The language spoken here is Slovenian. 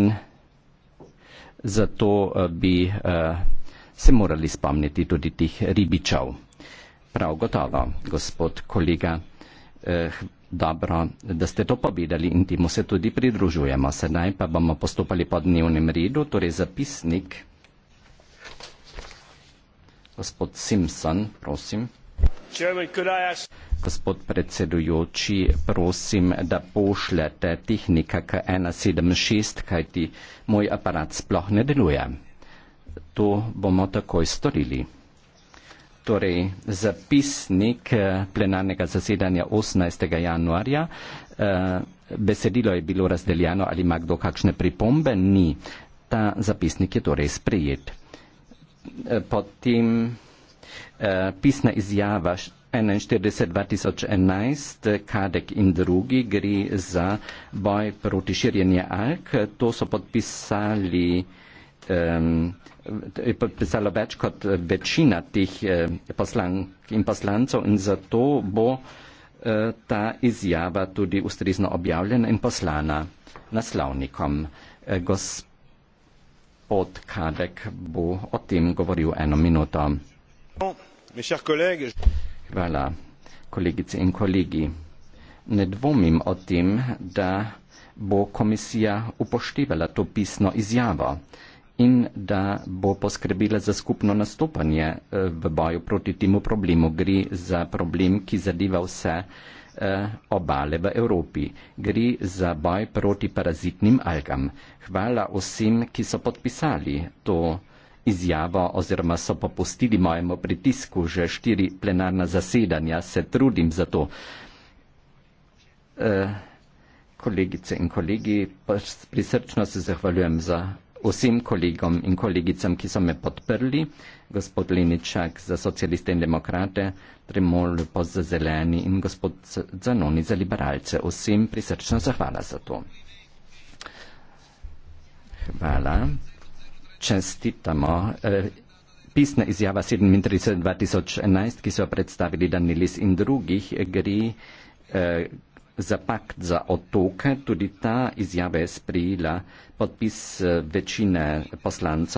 in zato eh, bi eh, se morali spomniti tudi tih ribičev. Prav gotovo, gospod kolega, eh, dobro, da ste to povedali in temu se tudi pridružujemo. Sedaj pa bomo postopali po dnevnem redu, torej zapisnik. Gospod Simpson, prosim. Chairman, could I ask... Gospod predsedujoči, prosim, da pošljete tehnika K176, kajti moj aparat sploh ne deluje. To bomo takoj storili. Torej, zapisnik eh, plenarnega zasedanja 18. januarja. Eh, besedilo je bilo razdeljeno, ali ima kdo kakšne pripombe? Ni. Ta zapisnik je torej sprejet. Eh, potem Eh, pisna izjava 41-2011, eh, Kadek in drugi, gre za boj proti širjenju alk. To so podpisali. Um, je podpisalo več kot večina teh eh, poslank in poslancev in zato bo ta izjava tudi ustrezno objavljena in poslana naslovnikom. Gospod Kadek bo o tem govoril eno minuto mes chers collègues. Voilà, kolegice in kolegi. Ne dvomim o tem, da bo komisija upoštevala to pisno izjavo in da bo poskrbela za skupno nastopanje eh, v boju proti temu problemu. Gre za problem, ki zadeva vse eh, obale v Evropi. Gre za boj proti parazitnim algam. Hvala vsem, ki so podpisali to izjavo oziroma so popustili mojemu pritisku že štiri plenarna zasedanja, se trudim za to. E, kolegice in kolegi, prisrčno se zahvaljujem za vsem kolegom in kolegicam, ki so me podprli, gospod Leničak za socialiste in demokrate, Tremol po za zeleni in gospod Zanoni za liberalce. Vsem prisrčno zahvala za to. Hvala čestitamo. Eh, pisna izjava 37.2011, ki so predstavili Danilis in drugih, eh, gre eh, za pakt za otoke. Tudi ta izjava je sprijela podpis večine poslancov.